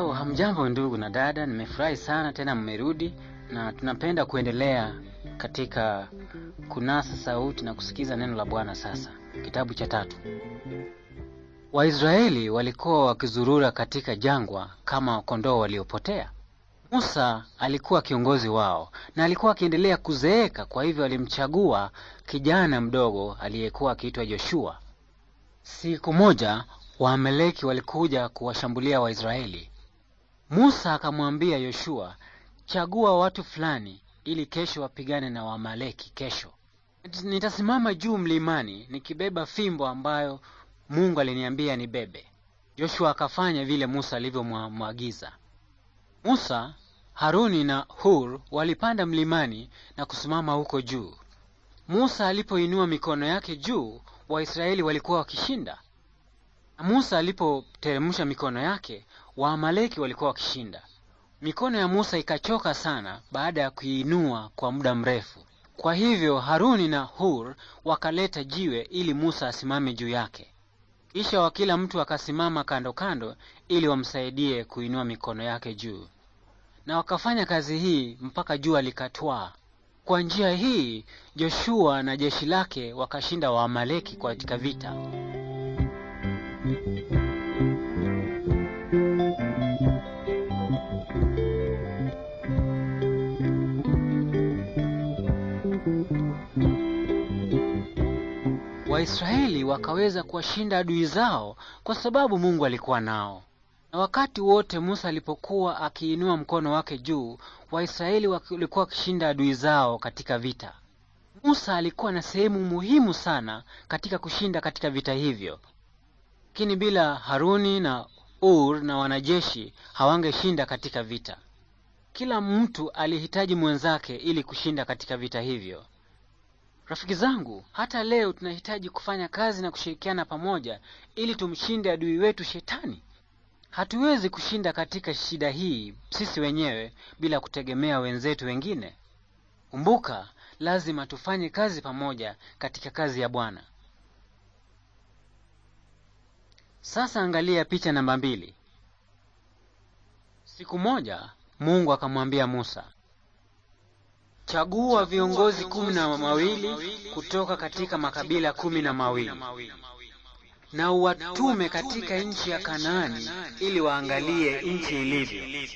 Au hamjambo ndugu na dada, nimefurahi sana tena mmerudi, na tunapenda kuendelea katika kunasa sauti na kusikiza neno la Bwana. Sasa kitabu cha tatu. Waisraeli walikuwa wakizurura katika jangwa kama kondoo waliopotea. Musa alikuwa kiongozi wao na alikuwa akiendelea kuzeeka, kwa hivyo alimchagua kijana mdogo aliyekuwa akiitwa Joshua. Siku moja Waamaleki walikuja kuwashambulia Waisraeli Musa akamwambia Yoshua, chagua watu fulani ili kesho wapigane na wamaleki kesho. Nitasimama juu mlimani nikibeba fimbo ambayo Mungu aliniambia nibebe. Yoshua akafanya vile Musa alivyomwagiza. Musa, Haruni na Hur walipanda mlimani na kusimama huko juu. Musa alipoinua mikono yake juu, Waisraeli walikuwa wakishinda. Na Musa alipoteremsha mikono yake, Waamaleki walikuwa wakishinda. Mikono ya Musa ikachoka sana baada ya kuiinua kwa muda mrefu. Kwa hivyo Haruni na Hur wakaleta jiwe ili Musa asimame juu yake. Kisha wakila mtu akasimama kando kando ili wamsaidie kuinua mikono yake juu. Na wakafanya kazi hii mpaka jua likatwaa. Kwa njia hii Joshua na jeshi lake wakashinda Waamaleki katika vita. Waisraeli wakaweza kuwashinda adui zao kwa sababu Mungu alikuwa nao. Na wakati wote Musa alipokuwa akiinua mkono wake juu, Waisraeli walikuwa wakishinda adui zao katika vita. Musa alikuwa na sehemu muhimu sana katika kushinda katika vita hivyo, lakini bila Haruni na Ur na wanajeshi hawangeshinda katika vita. Kila mtu alihitaji mwenzake ili kushinda katika vita hivyo. Rafiki zangu, hata leo tunahitaji kufanya kazi na kushirikiana pamoja ili tumshinde adui wetu Shetani. Hatuwezi kushinda katika shida hii sisi wenyewe bila kutegemea wenzetu wengine. Kumbuka, lazima tufanye kazi pamoja katika kazi ya Bwana. Sasa angalia picha namba mbili. Siku moja Mungu akamwambia Musa, Chagua viongozi kumi na mawili kutoka katika makabila kumi na mawili na uwatume katika nchi ya Kanaani ili waangalie nchi ilivyo.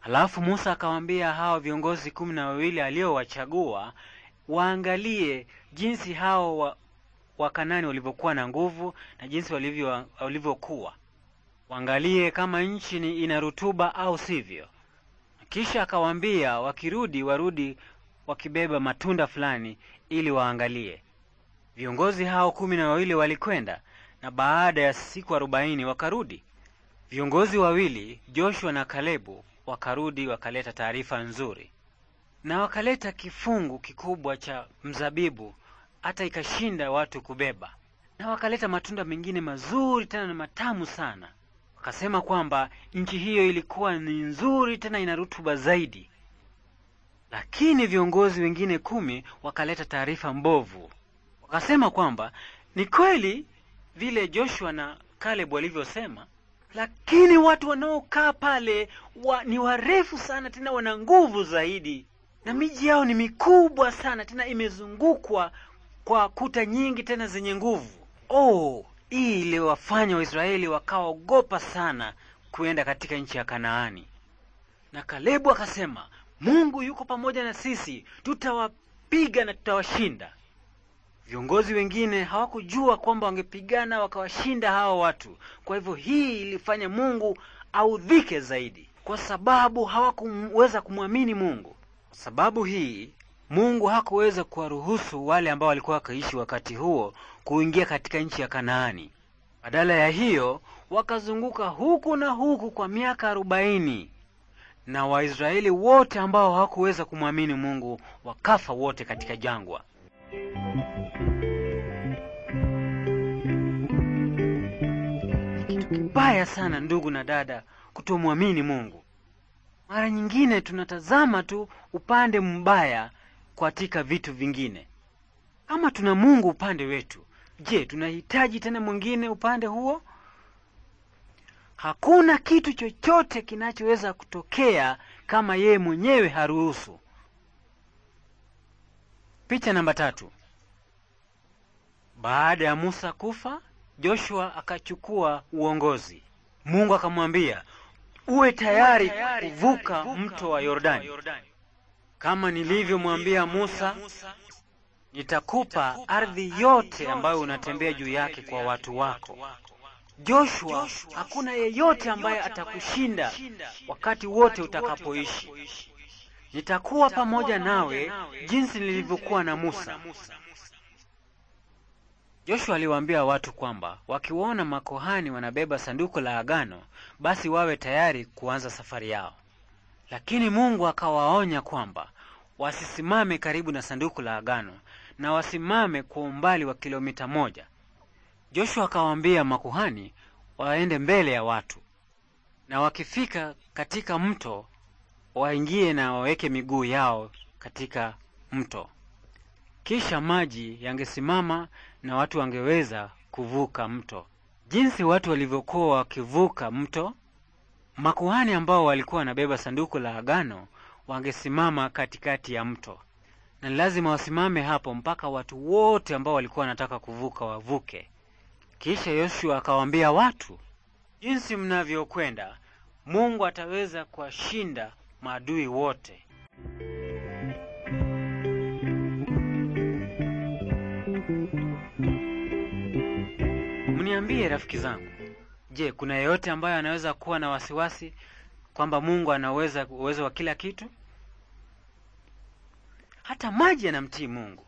Halafu Musa akawaambia hao viongozi kumi na wawili aliowachagua waangalie jinsi hao wa, wa Kanaani walivyokuwa na nguvu na jinsi walivyokuwa, waangalie kama nchi ina rutuba au sivyo. Kisha akawaambia wakirudi warudi wakibeba matunda fulani ili waangalie. Viongozi hao kumi na wawili walikwenda na baada ya siku arobaini wakarudi. Viongozi wawili Joshua na Kalebu wakarudi wakaleta taarifa nzuri, na wakaleta kifungu kikubwa cha mzabibu hata ikashinda watu kubeba, na wakaleta matunda mengine mazuri tena na matamu sana akasema kwamba nchi hiyo ilikuwa ni nzuri tena ina rutuba zaidi, lakini viongozi wengine kumi wakaleta taarifa mbovu, wakasema kwamba ni kweli vile Joshua na kaleb walivyosema, lakini watu wanaokaa pale wa, ni warefu sana tena wana nguvu zaidi na miji yao ni mikubwa sana tena imezungukwa kwa kuta nyingi tena zenye nguvu. Oh, hii iliwafanya Waisraeli wakaogopa sana kuenda katika nchi ya Kanaani. Na Kalebu akasema, Mungu yuko pamoja na sisi, tutawapiga na tutawashinda. Viongozi wengine hawakujua kwamba wangepigana wakawashinda hawa watu. Kwa hivyo hii ilifanya Mungu audhike zaidi, kwa sababu hawakuweza kumwamini Mungu. Kwa sababu hii Mungu hakuweza kuwaruhusu wale ambao walikuwa wakiishi wakati huo kuingia katika nchi ya Kanaani. Badala ya hiyo, wakazunguka huku na huku kwa miaka arobaini, na Waisraeli wote ambao hawakuweza kumwamini Mungu wakafa wote katika jangwa. Kitu kibaya sana, ndugu na dada, kutomwamini Mungu. Mara nyingine tunatazama tu upande mbaya katika vitu vingine. Kama tuna Mungu upande wetu, Je, tunahitaji tena mwingine upande huo? Hakuna kitu chochote kinachoweza kutokea kama yeye mwenyewe haruhusu. Picha namba tatu. Baada ya Musa kufa, Joshua akachukua uongozi. Mungu akamwambia, uwe tayari kuvuka mto wa Yordani, kama nilivyomwambia Musa nitakupa ardhi yote ambayo unatembea juu yake kwa watu wako. Joshua, hakuna yeyote ambaye atakushinda wakati wote utakapoishi. Nitakuwa pamoja nawe jinsi nilivyokuwa na Musa. Joshua aliwaambia watu kwamba wakiwaona makohani wanabeba sanduku la agano, basi wawe tayari kuanza safari yao. Lakini Mungu akawaonya kwamba wasisimame karibu na sanduku la agano, na wasimame kwa umbali wa kilomita moja. Joshua akawaambia makuhani waende mbele ya watu, na wakifika katika mto waingie na waweke miguu yao katika mto, kisha maji yangesimama na watu wangeweza kuvuka mto. Jinsi watu walivyokuwa wakivuka mto, makuhani ambao walikuwa wanabeba sanduku la agano wangesimama katikati ya mto na lazima wasimame hapo mpaka watu wote ambao walikuwa wanataka kuvuka wavuke. Kisha Yoshua akawaambia watu, jinsi mnavyokwenda, Mungu ataweza kuwashinda maadui wote. Mniambie rafiki zangu, je, kuna yeyote ambaye anaweza kuwa na wasiwasi kwamba Mungu anaweza uwezo wa kila kitu? hata maji yanamtii Mungu.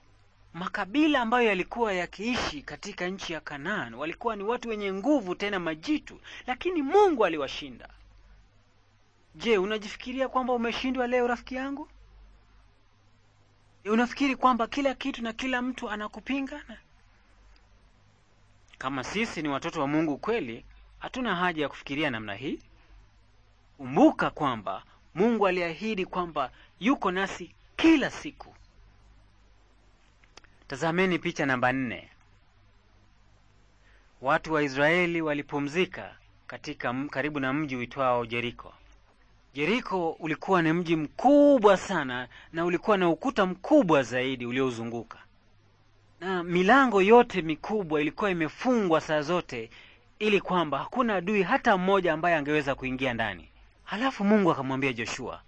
Makabila ambayo yalikuwa yakiishi katika nchi ya Kanaan walikuwa ni watu wenye nguvu tena majitu, lakini Mungu aliwashinda. Je, unajifikiria kwamba umeshindwa leo rafiki yangu? Unafikiri kwamba kila kitu na kila mtu anakupingana? Kama sisi ni watoto wa Mungu kweli, hatuna haja ya kufikiria namna hii. Kumbuka kwamba Mungu aliahidi kwamba yuko nasi kila siku. Tazameni picha namba nne. Watu wa Israeli walipumzika katika karibu na mji uitwao Jeriko. Jeriko ulikuwa ni mji mkubwa sana na ulikuwa na ukuta mkubwa zaidi uliozunguka, na milango yote mikubwa ilikuwa imefungwa saa zote, ili kwamba hakuna adui hata mmoja ambaye angeweza kuingia ndani. Halafu Mungu akamwambia Joshua,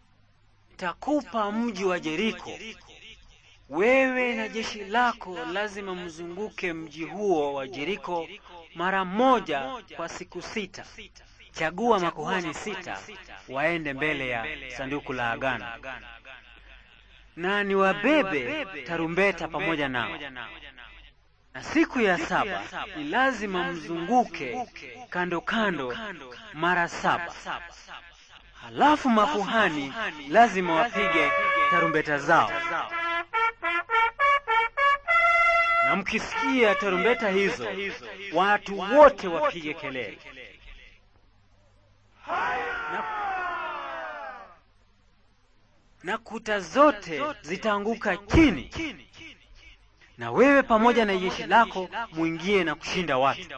nitakupa mji wa Jeriko wewe na jeshi lako lazima mzunguke mji huo wa jeriko mara moja kwa siku sita. Chagua makuhani sita waende mbele ya sanduku la agano na niwabebe tarumbeta pamoja nao, na siku ya saba ni lazima mzunguke kando kando mara saba. Halafu makuhani lazima wapige tarumbeta zao mkisikia tarumbeta hizo watu wote wapige kelele na, na kuta zote zitaanguka chini na wewe pamoja na jeshi lako mwingie na kushinda watu.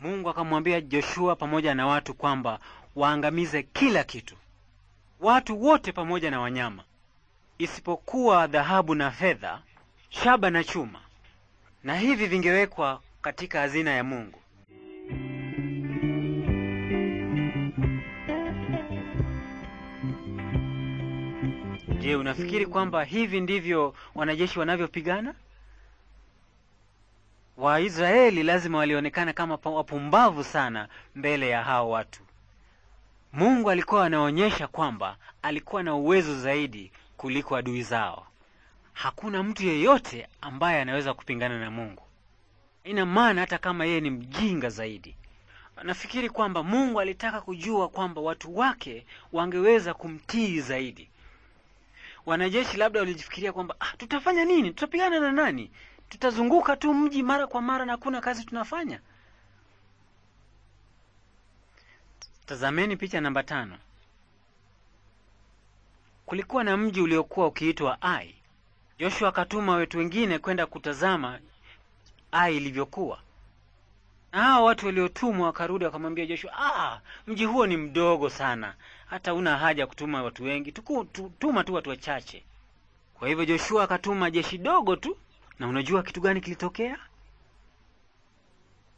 Mungu akamwambia Joshua pamoja na watu kwamba waangamize kila kitu, watu wote pamoja na wanyama, isipokuwa dhahabu na fedha, shaba na chuma na hivi vingewekwa katika hazina ya Mungu. Je, unafikiri kwamba hivi ndivyo wanajeshi wanavyopigana? Waisraeli lazima walionekana kama wapumbavu sana mbele ya hao watu. Mungu alikuwa anaonyesha kwamba alikuwa na uwezo zaidi kuliko adui zao hakuna mtu yeyote ambaye anaweza kupingana na Mungu. Ina maana hata kama yeye ni mjinga zaidi. Nafikiri kwamba Mungu alitaka kujua kwamba watu wake wangeweza kumtii zaidi. Wanajeshi labda walijifikiria kwamba ah, tutafanya nini? Tutapigana na nani? Tutazunguka tu mji mara kwa mara na hakuna kazi tunafanya. Tazameni picha namba tano. Kulikuwa na mji uliokuwa ukiitwa Ai. Yoshua akatuma watu wengine kwenda kutazama ai ilivyokuwa, na hao watu waliotumwa wakarudi wakamwambia Joshua, ah, mji huo ni mdogo sana, hata una haja kutuma watu wengi, tuku, tu, tuma tu watu wachache. Kwa hivyo Joshua akatuma jeshi dogo tu, na unajua kitu gani kilitokea?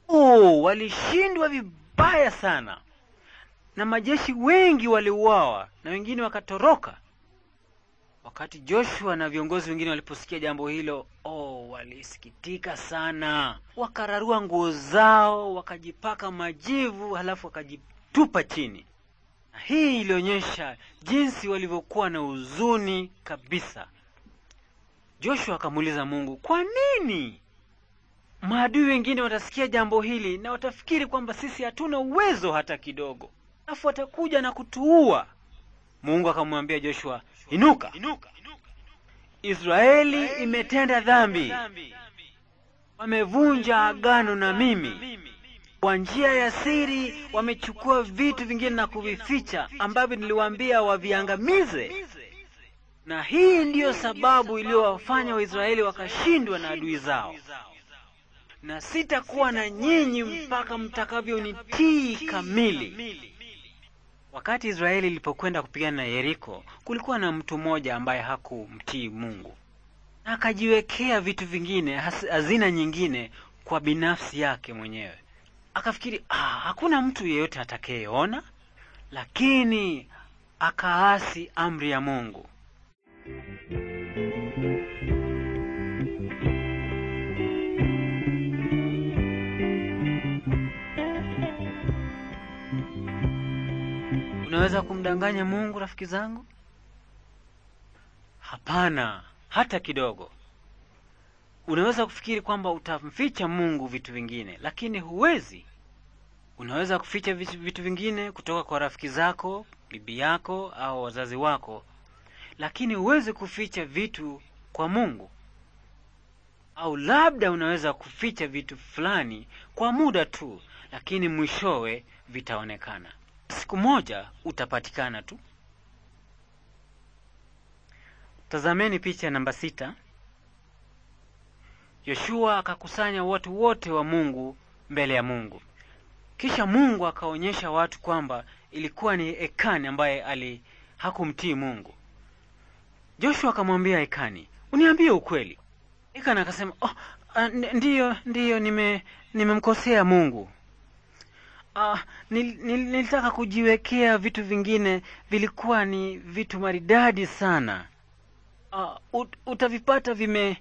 Oh, walishindwa vibaya sana na majeshi wengi waliuawa na wengine wakatoroka Wakati Joshua na viongozi wengine waliposikia jambo hilo, oh, walisikitika sana, wakararua nguo zao, wakajipaka majivu, halafu wakajitupa chini, na hii ilionyesha jinsi walivyokuwa na huzuni kabisa. Joshua akamuuliza Mungu, kwa nini maadui wengine watasikia jambo hili na watafikiri kwamba sisi hatuna uwezo hata kidogo, alafu watakuja na kutuua? Mungu akamwambia Joshua, inuka, Israeli imetenda dhambi, wamevunja agano na mimi kwa njia ya siri. Wamechukua vitu vingine na kuvificha ambavyo niliwaambia waviangamize, na hii ndiyo sababu iliyowafanya Waisraeli wakashindwa na adui zao. Na sitakuwa na nyinyi mpaka mtakavyo kamili. Wakati Israeli ilipokwenda kupigana na Yeriko, kulikuwa na mtu mmoja ambaye hakumtii Mungu na akajiwekea vitu vingine, hazina nyingine kwa binafsi yake mwenyewe. Akafikiri ah, hakuna mtu yeyote atakayeona, lakini akaasi amri ya Mungu. Unaweza kumdanganya Mungu rafiki zangu? Hapana, hata kidogo. Unaweza kufikiri kwamba utamficha Mungu vitu vingine, lakini huwezi. Unaweza kuficha vitu vingine kutoka kwa rafiki zako, bibi yako au wazazi wako, lakini huwezi kuficha vitu kwa Mungu. Au labda unaweza kuficha vitu fulani kwa muda tu, lakini mwishowe vitaonekana siku moja utapatikana tu. Tazameni picha namba sita. Yoshua akakusanya watu wote wa Mungu mbele ya Mungu. Kisha Mungu akaonyesha watu kwamba ilikuwa ni Ekani ambaye ali hakumtii Mungu. Joshua akamwambia Ekani, uniambie ukweli. Ekani akasema, oh, ah, ndiyo ndiyo, nimemkosea nime Mungu ah, nil, nil, nilitaka kujiwekea vitu vingine, vilikuwa ni vitu maridadi sana. Ah, ut, utavipata vime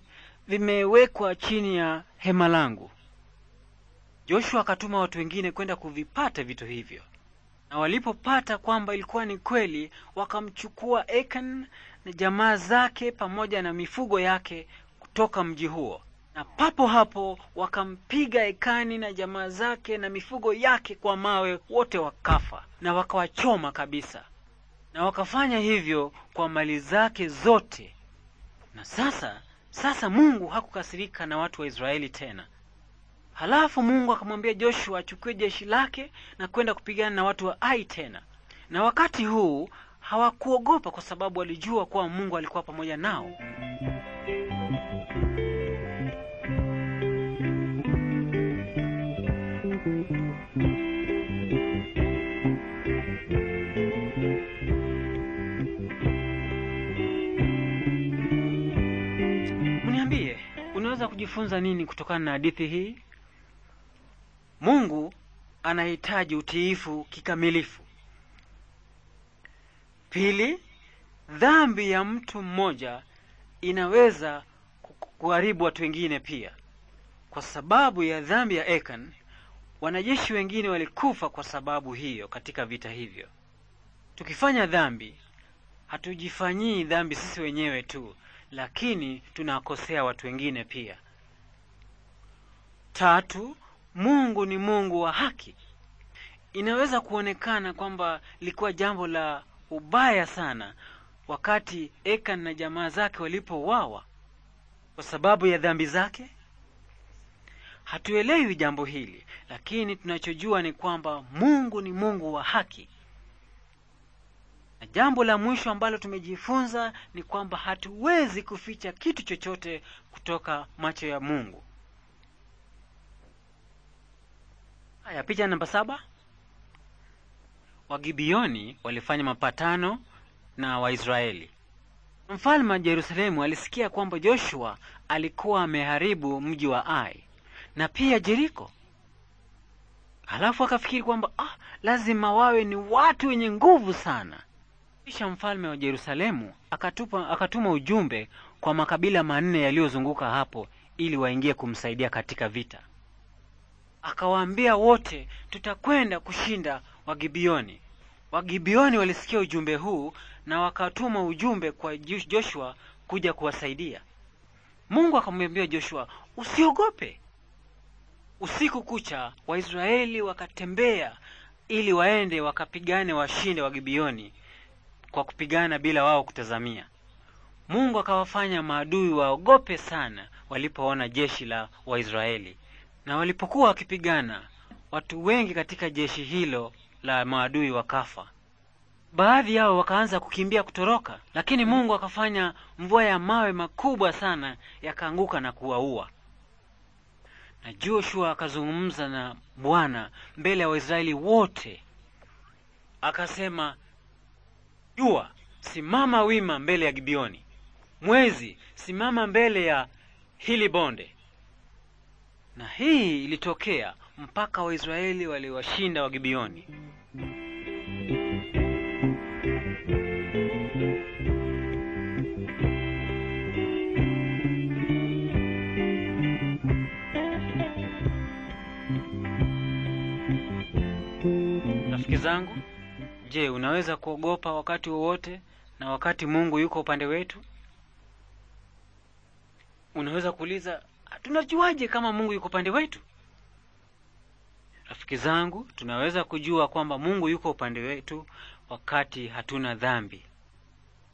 vimewekwa chini ya hema langu. Joshua akatuma watu wengine kwenda kuvipata vitu hivyo, na walipopata kwamba ilikuwa ni kweli, wakamchukua Achan na jamaa zake pamoja na mifugo yake kutoka mji huo na papo hapo wakampiga Ekani na jamaa zake na mifugo yake kwa mawe, wote wakafa na wakawachoma kabisa, na wakafanya hivyo kwa mali zake zote. Na sasa sasa Mungu hakukasirika na watu wa Israeli tena. Halafu Mungu akamwambia Joshua achukue jeshi lake na kwenda kupigana na watu wa Ai tena, na wakati huu hawakuogopa kwa sababu walijua kuwa Mungu alikuwa pamoja nao. Mniambie, unaweza kujifunza nini kutokana na hadithi hii? Mungu anahitaji utiifu kikamilifu. Pili, dhambi ya mtu mmoja inaweza kuharibu watu wengine pia. Kwa sababu ya dhambi ya Ekan, Wanajeshi wengine walikufa kwa sababu hiyo katika vita hivyo. Tukifanya dhambi, hatujifanyii dhambi sisi wenyewe tu, lakini tunawakosea watu wengine pia. Tatu, Mungu ni Mungu wa haki. Inaweza kuonekana kwamba likuwa jambo la ubaya sana wakati Ekan na jamaa zake walipouawa kwa sababu ya dhambi zake, Hatuelewi jambo hili, lakini tunachojua ni kwamba Mungu ni Mungu wa haki. Na jambo la mwisho ambalo tumejifunza ni kwamba hatuwezi kuficha kitu chochote kutoka macho ya Mungu. Haya, picha namba saba. Wagibioni walifanya mapatano na Waisraeli. Mfalme wa Jerusalemu alisikia kwamba Joshua alikuwa ameharibu mji wa Ai na pia jeriko Halafu akafikiri kwamba ah, lazima wawe ni watu wenye nguvu sana. Kisha mfalme wa Yerusalemu akatupa, akatuma ujumbe kwa makabila manne yaliyozunguka hapo ili waingie kumsaidia katika vita. Akawaambia wote, tutakwenda kushinda Wagibioni. Wagibioni walisikia ujumbe huu na wakatuma ujumbe kwa Joshua kuja kuwasaidia. Mungu akamwambia Joshua, usiogope, Usiku kucha Waisraeli wakatembea ili waende wakapigane washinde gibioni kwa kupigana bila wao kutazamia. Mungu akawafanya maadui waogope sana walipoona jeshi la Waisraeli, na walipokuwa wakipigana watu wengi katika jeshi hilo la maadui wakafa. Baadhi yao wakaanza kukimbia kutoroka, lakini Mungu akafanya mvua ya mawe makubwa sana yakaanguka na kuwaua. Na Joshua akazungumza na Bwana mbele ya wa Waisraeli wote, akasema, jua simama wima mbele ya Gibeoni, mwezi simama mbele ya hili bonde. Na hii ilitokea mpaka Waisraeli waliwashinda Wagibeoni. rafiki zangu, je, unaweza kuogopa wakati wowote na wakati Mungu yuko upande wetu? Unaweza kuuliza, tunajuaje kama Mungu yuko upande wetu? Rafiki zangu, tunaweza kujua kwamba Mungu yuko upande wetu wakati hatuna dhambi.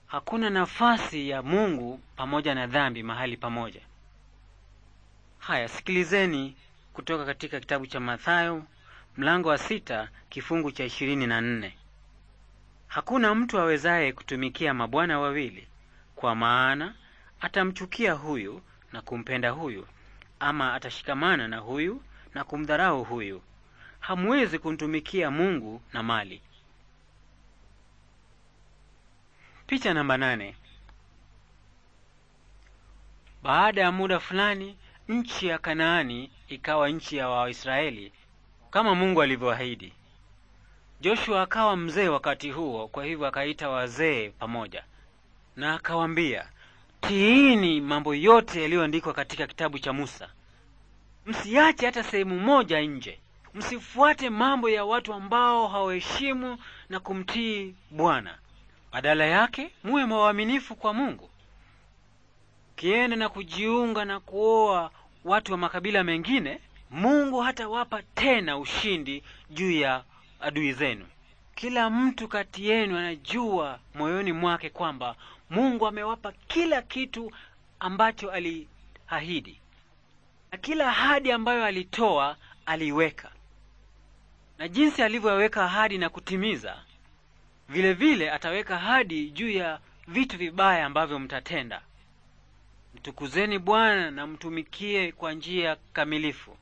Hakuna nafasi ya Mungu pamoja na dhambi mahali pamoja. Haya, sikilizeni kutoka katika kitabu cha Mathayo mlango wa sita kifungu cha ishirini na nne. Hakuna mtu awezaye kutumikia mabwana wawili, kwa maana atamchukia huyu na kumpenda huyu, ama atashikamana na huyu na kumdharau huyu. Hamwezi kumtumikia Mungu na mali. Picha namba nane. Baada ya muda fulani, nchi ya Kanaani ikawa nchi ya Waisraeli kama Mungu alivyoahidi. Joshua akawa mzee wakati huo, kwa hivyo akaita wazee pamoja na akawaambia, tiini mambo yote yaliyoandikwa katika kitabu cha Musa, msiache hata sehemu moja nje. Msifuate mambo ya watu ambao hawaheshimu na kumtii Bwana. Badala yake muwe mwaminifu kwa Mungu. Ukienda na kujiunga na kuoa watu wa makabila mengine, Mungu hatawapa tena ushindi juu ya adui zenu. Kila mtu kati yenu anajua moyoni mwake kwamba Mungu amewapa kila kitu ambacho aliahidi, na kila ahadi ambayo alitoa aliiweka, na jinsi alivyoweka ahadi na kutimiza, vile vile ataweka ahadi juu ya vitu vibaya ambavyo mtatenda. Mtukuzeni Bwana na mtumikie kwa njia kamilifu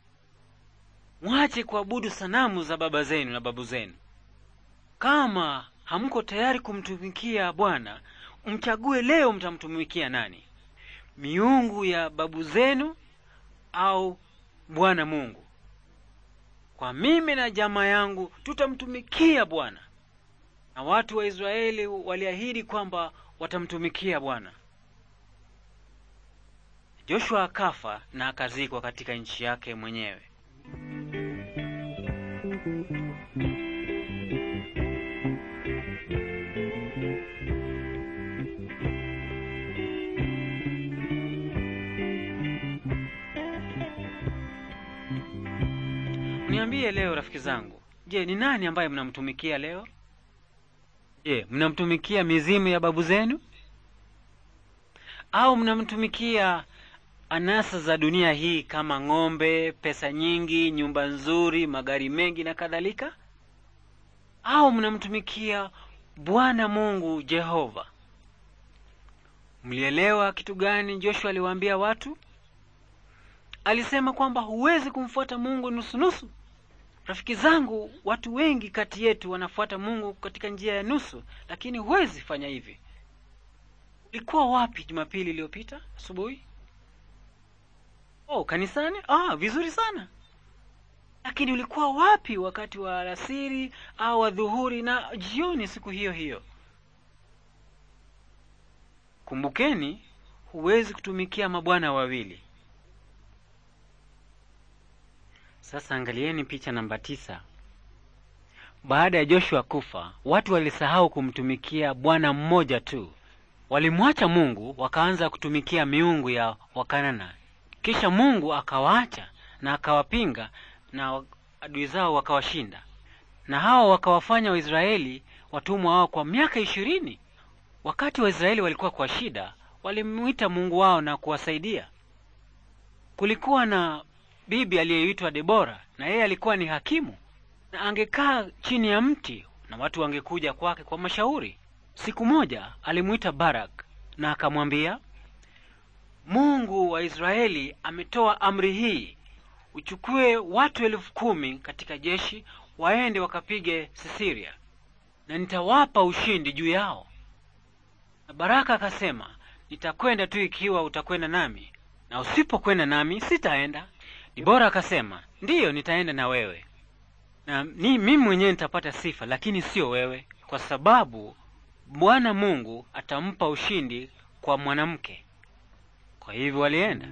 mwache kuabudu sanamu za baba zenu na babu zenu. Kama hamko tayari kumtumikia Bwana, mchague leo mtamtumikia nani, miungu ya babu zenu au Bwana Mungu? Kwa mimi na jamaa yangu tutamtumikia Bwana. Na watu wa Israeli waliahidi kwamba watamtumikia Bwana. Joshua akafa na akazikwa katika nchi yake mwenyewe. Niambie leo rafiki zangu, je, ni nani ambaye mnamtumikia leo? Je, mnamtumikia mizimu ya babu zenu au mnamtumikia anasa za dunia hii kama ng'ombe, pesa nyingi, nyumba nzuri, magari mengi na kadhalika, au mnamtumikia Bwana Mungu Jehova? Mlielewa kitu gani Joshua aliwaambia watu? Alisema kwamba huwezi kumfuata Mungu nusunusu. Rafiki zangu, watu wengi kati yetu wanafuata Mungu katika njia ya nusu, lakini huwezi fanya hivi. Ulikuwa wapi Jumapili iliyopita asubuhi? Oh, kanisani? Ah, vizuri sana. Lakini ulikuwa wapi wakati wa alasiri au adhuhuri na jioni siku hiyo hiyo? Kumbukeni, huwezi kutumikia mabwana wawili. Sasa angalieni picha namba tisa. Baada ya Joshua kufa, watu walisahau kumtumikia Bwana mmoja tu. Walimwacha Mungu wakaanza kutumikia miungu ya Wakanana. Kisha Mungu akawaacha na akawapinga na adui zao wakawashinda, na hao wakawafanya Waisraeli watumwa wao kwa miaka ishirini. Wakati Waisraeli walikuwa kwa shida, walimwita Mungu wao na kuwasaidia. Kulikuwa na bibi aliyeitwa Debora, na yeye alikuwa ni hakimu, na angekaa chini ya mti na watu wangekuja kwake kwa mashauri. Siku moja alimwita Barak na akamwambia, Mungu wa Israeli ametoa amri hii, uchukue watu elfu kumi katika jeshi waende wakapige Sisiria, na nitawapa ushindi juu yao. Na Baraka akasema, nitakwenda tu ikiwa utakwenda nami, na usipokwenda nami sitaenda. Dibora akasema, ndiyo, nitaenda na wewe, na ni mimi mwenyewe nitapata sifa, lakini siyo wewe, kwa sababu Bwana Mungu atampa ushindi kwa mwanamke. Kwa hivyo walienda.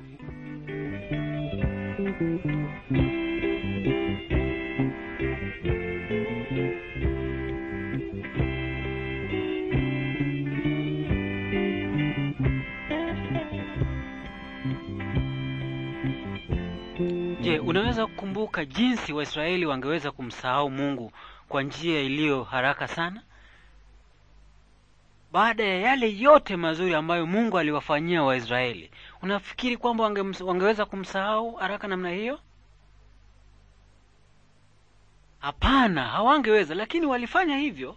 Je, unaweza kukumbuka jinsi Waisraeli wangeweza kumsahau Mungu kwa njia iliyo haraka sana? baada ya yale yote mazuri ambayo Mungu aliwafanyia Waisraeli, unafikiri kwamba wange, wangeweza kumsahau haraka namna hiyo? Hapana, hawangeweza, lakini walifanya hivyo.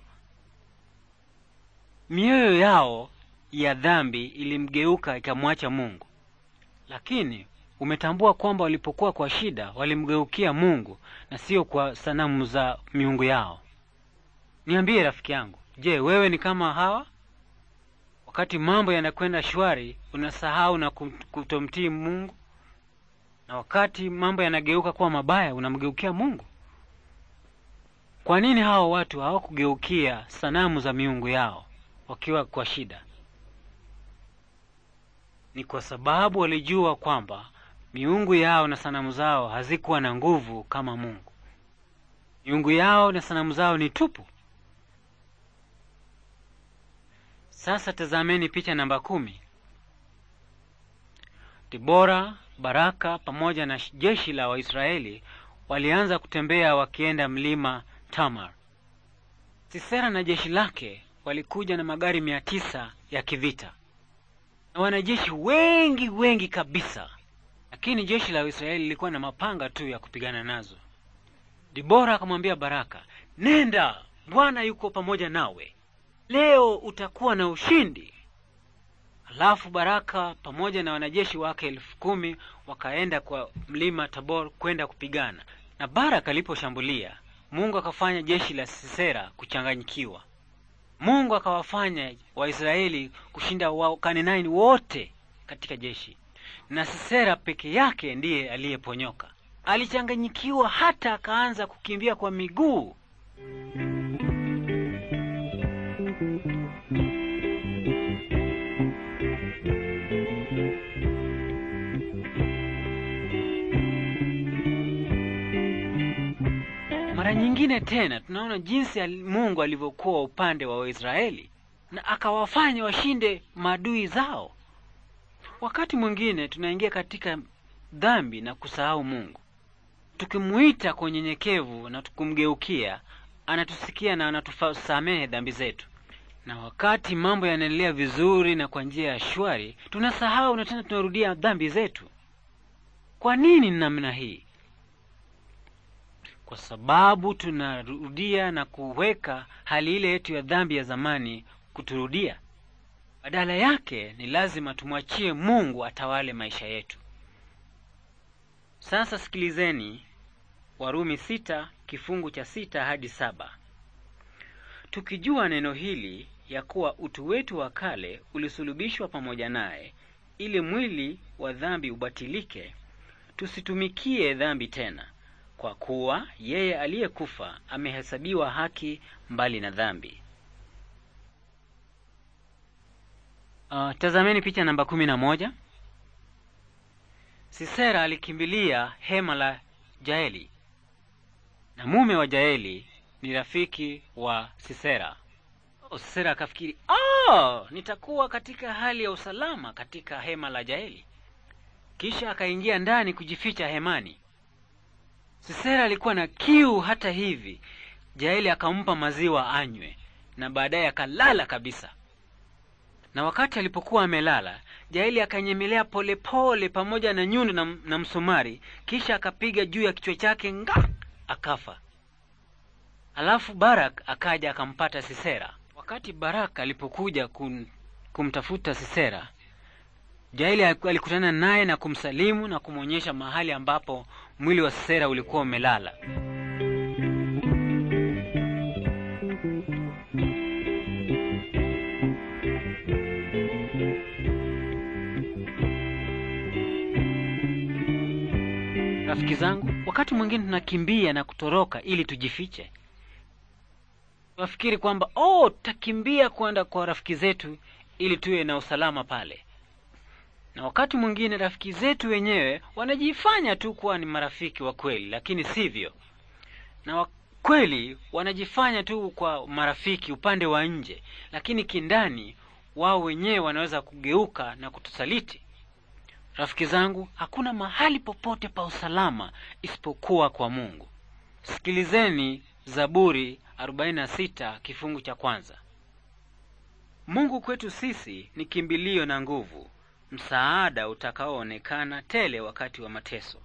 Mioyo yao ya dhambi ilimgeuka ikamwacha Mungu, lakini umetambua kwamba walipokuwa kwa shida walimgeukia Mungu na sio kwa sanamu za miungu yao. Niambie rafiki yangu, je, wewe ni kama hawa? Wakati mambo yanakwenda shwari, unasahau na kutomtii Mungu, na wakati mambo yanageuka kuwa mabaya, unamgeukia Mungu. Kwa nini hao watu hawakugeukia sanamu za miungu yao wakiwa kwa shida? Ni kwa sababu walijua kwamba miungu yao na sanamu zao hazikuwa na nguvu kama Mungu. Miungu yao na sanamu zao ni tupu. Sasa tazameni picha namba kumi. Dibora, Baraka pamoja na jeshi la Waisraeli walianza kutembea wakienda mlima Tamar. Sisera na jeshi lake walikuja na magari mia tisa ya kivita na wanajeshi wengi wengi kabisa, lakini jeshi la Waisraeli lilikuwa na mapanga tu ya kupigana nazo. Dibora akamwambia Baraka, nenda, Bwana yuko pamoja nawe leo utakuwa na ushindi. Alafu Baraka pamoja na wanajeshi wake elfu kumi wakaenda kwa mlima Tabor kwenda kupigana, na Baraka aliposhambulia, Mungu akafanya jeshi la Sisera kuchanganyikiwa. Mungu akawafanya Waisraeli kushinda Wakanani wote katika jeshi, na Sisera peke yake ndiye aliyeponyoka. Alichanganyikiwa hata akaanza kukimbia kwa miguu. Mara nyingine tena tunaona jinsi Mungu alivyokuwa upande wa Waisraeli na akawafanya washinde maadui zao. Wakati mwingine tunaingia katika dhambi na kusahau Mungu. Tukimuita kwa unyenyekevu na tukumgeukia, anatusikia na anatusamehe dhambi zetu. Na wakati mambo yanaendelea vizuri na kwa njia ya shwari, tunasahau na tena tunarudia dhambi zetu. Kwa nini namna hii? Kwa sababu tunarudia na kuweka hali ile yetu ya dhambi ya zamani kuturudia. Badala yake ni lazima tumwachie Mungu atawale maisha yetu. Sasa sikilizeni Warumi sita kifungu cha sita hadi saba. Tukijua neno hili ya kuwa utu wetu wa kale ulisulubishwa pamoja naye ili mwili wa dhambi ubatilike, tusitumikie dhambi tena, kwa kuwa yeye aliyekufa amehesabiwa haki mbali na dhambi. Uh, tazameni picha namba kumi na moja. Sisera alikimbilia hema la Jaeli na mume wa Jaeli ni rafiki wa Sisera. Sera akafikiri, oh, nitakuwa katika hali ya usalama katika hema la Jaeli. Kisha akaingia ndani kujificha hemani. Sisera alikuwa na kiu hata hivi. Jaeli akampa maziwa anywe na baadaye akalala kabisa. Na wakati alipokuwa amelala, Jaeli akanyemelea polepole pamoja na nyundo na, na msumari, kisha akapiga juu ya kichwa chake nga, akafa. Alafu Barak akaja akampata Sisera. Wakati Baraka alipokuja kum, kumtafuta Sisera, Jaili alikutana naye na kumsalimu na kumwonyesha mahali ambapo mwili wa Sisera ulikuwa umelala. Rafiki zangu, wakati mwingine tunakimbia na kutoroka ili tujifiche tunafikiri kwamba oh, tutakimbia kwenda kwa rafiki zetu ili tuwe na usalama pale, na wakati mwingine rafiki zetu wenyewe wanajifanya tu kuwa ni marafiki wa kweli, lakini sivyo, na wakweli wanajifanya tu kwa marafiki upande wa nje, lakini kindani wao wenyewe wanaweza kugeuka na kutusaliti. Rafiki zangu, hakuna mahali popote pa usalama isipokuwa kwa Mungu. Sikilizeni Zaburi 46 kifungu cha kwanza. Mungu kwetu sisi ni kimbilio na nguvu, msaada utakaoonekana tele wakati wa mateso.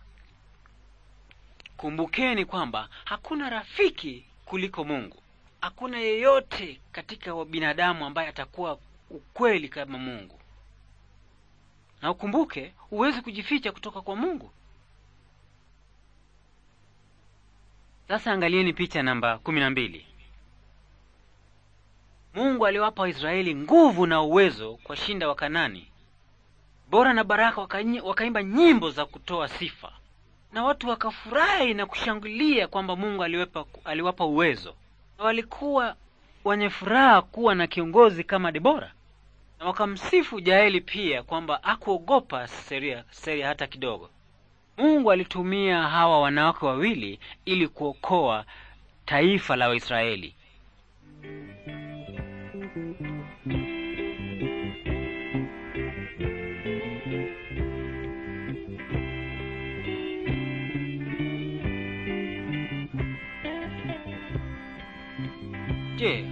Kumbukeni kwamba hakuna rafiki kuliko Mungu. Hakuna yeyote katika wabinadamu ambaye atakuwa ukweli kama Mungu. Na ukumbuke, huwezi kujificha kutoka kwa Mungu. Sasa angalieni picha namba kumi na mbili. Mungu aliwapa Waisraeli nguvu na uwezo kwa shinda wa kanani Bora na Baraka wakaimba nyimbo za kutoa sifa na watu wakafurahi na kushangilia kwamba Mungu aliwapa, aliwapa uwezo na walikuwa wenye furaha kuwa na kiongozi kama Debora na wakamsifu Jaeli pia kwamba hakuogopa Seria, Seria hata kidogo. Mungu alitumia hawa wanawake wawili ili kuokoa taifa la Waisraeli. Je,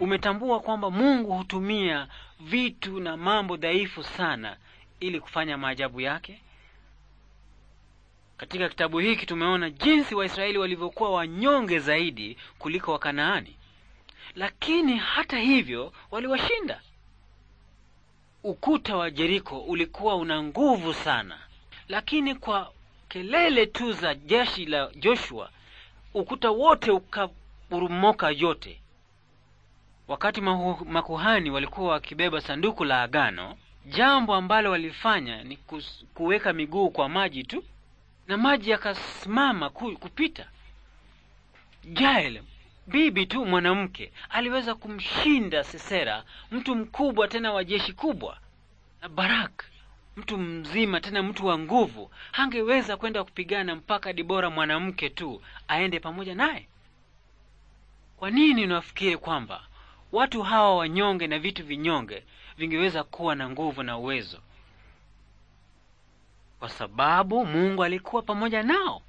umetambua kwamba Mungu hutumia vitu na mambo dhaifu sana ili kufanya maajabu yake? Katika kitabu hiki tumeona jinsi Waisraeli walivyokuwa wanyonge zaidi kuliko Wakanaani, lakini hata hivyo waliwashinda. Ukuta wa Jeriko ulikuwa una nguvu sana, lakini kwa kelele tu za jeshi la Joshua ukuta wote ukaburumoka yote. Wakati makuhani walikuwa wakibeba sanduku la agano, jambo ambalo walifanya ni kuweka miguu kwa maji tu na maji yakasimama kupita. Jael bibi tu mwanamke aliweza kumshinda Sisera, mtu mkubwa tena wa jeshi kubwa, na Barak mtu mzima tena mtu wa nguvu, hangeweza kwenda kupigana mpaka Dibora mwanamke tu aende pamoja naye. Kwa nini unafikiri kwamba watu hawa wanyonge na vitu vinyonge vingeweza kuwa na nguvu na uwezo? kwa sababu Mungu alikuwa pamoja nao.